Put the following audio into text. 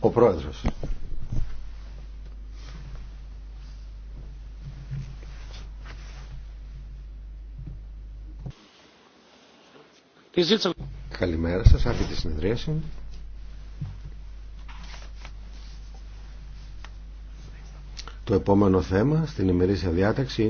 Ο Πρόεδρος. Καλημέρα σας, άρχεται η συνεδρίαση. Το επόμενο θέμα στην ημερήσια διάταξη